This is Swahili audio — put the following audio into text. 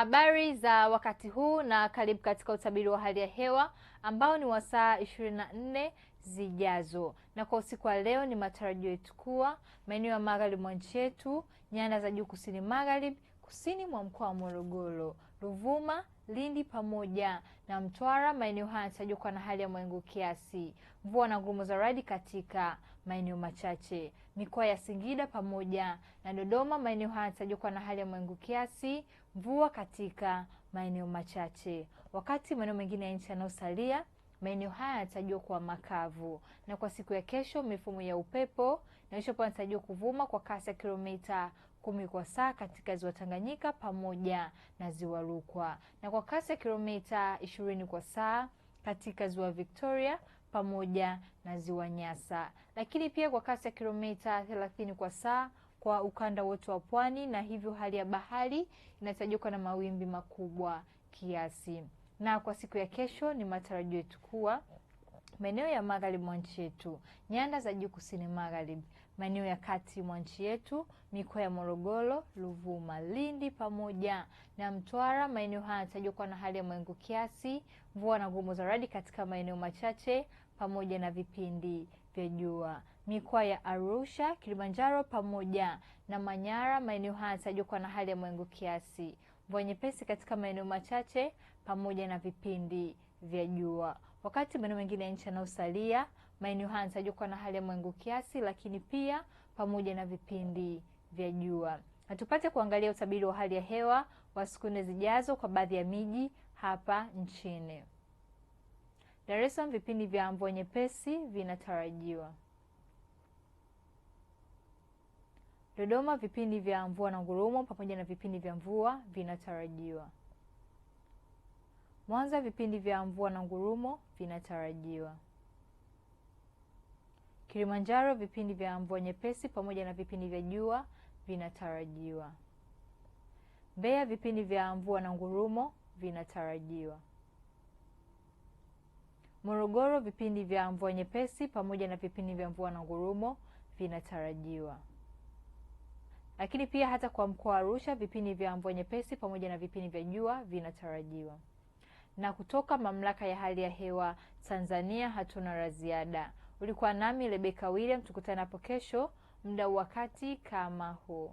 Habari za wakati huu na karibu katika utabiri wa hali ya hewa ambao ni wa saa 24 zijazo. Na kwa usiku wa leo, ni matarajio yetu kuwa maeneo ya magharibi mwa nchi yetu, nyanda za juu kusini magharibi kusini mwa mkoa wa Morogoro, Ruvuma, Lindi pamoja na Mtwara. Maeneo haya yanatajwa kuwa na hali ya mawingu kiasi, mvua na ngurumo za radi katika maeneo machache. Mikoa ya Singida pamoja na Dodoma, maeneo haya yanatajwa kuwa na hali ya mawingu kiasi, mvua katika maeneo machache, wakati maeneo mengine ya nchi yanayosalia Maeneo haya yanatarajiwa kuwa makavu, na kwa siku ya kesho mifumo ya upepo na upepo inatarajiwa kuvuma kwa kasi ya kilomita kumi kwa saa katika ziwa Tanganyika pamoja na ziwa Rukwa na kwa kasi ya kilomita ishirini kwa saa katika ziwa Victoria pamoja na ziwa Nyasa, lakini pia kwa kasi ya kilomita thelathini kwa saa kwa ukanda wote wa pwani, na hivyo hali ya bahari inatarajiwa kuwa na mawimbi makubwa kiasi. Na kwa siku ya kesho ni matarajio yetu kuwa maeneo ya magharibi mwa nchi yetu, nyanda za juu kusini magharibi, maeneo ya kati mwa nchi yetu, mikoa ya Morogoro, Ruvuma, Lindi pamoja na Mtwara. Maeneo haya yanatajwa kuwa na hali ya mawingu kiasi, mvua na ngurumo za radi katika maeneo machache pamoja na vipindi vya jua. Mikoa ya Arusha, Kilimanjaro pamoja na Manyara, maeneo haya yanatajwa kuwa na hali ya mawingu kiasi mvua nyepesi katika maeneo machache pamoja na vipindi vya jua. Wakati maeneo mengine ya nchi yanayosalia, maeneo haya yanatarajiwa kuwa na hali ya mawingu kiasi, lakini pia pamoja na vipindi vya jua. Na tupate kuangalia utabiri wa hali ya hewa wa siku nne zijazo kwa baadhi ya miji hapa nchini. Dar es Salaam, vipindi vya mvua nyepesi vinatarajiwa. Dodoma vipindi vya mvua na ngurumo pamoja na vipindi vya mvua vinatarajiwa. Mwanza vipindi vya mvua na ngurumo vinatarajiwa. Kilimanjaro vipindi vya mvua nyepesi pamoja na vipindi vya jua vinatarajiwa. Mbeya vipindi vya mvua na ngurumo vinatarajiwa. Morogoro vipindi vya mvua nyepesi pamoja na vipindi vya mvua na ngurumo vinatarajiwa lakini pia hata kwa mkoa wa Arusha vipindi vya mvua nyepesi pamoja na vipindi vya jua vinatarajiwa. Na kutoka Mamlaka ya Hali ya Hewa Tanzania hatuna la ziada. Ulikuwa nami rebeka William, tukutane hapo kesho muda wakati kama huu.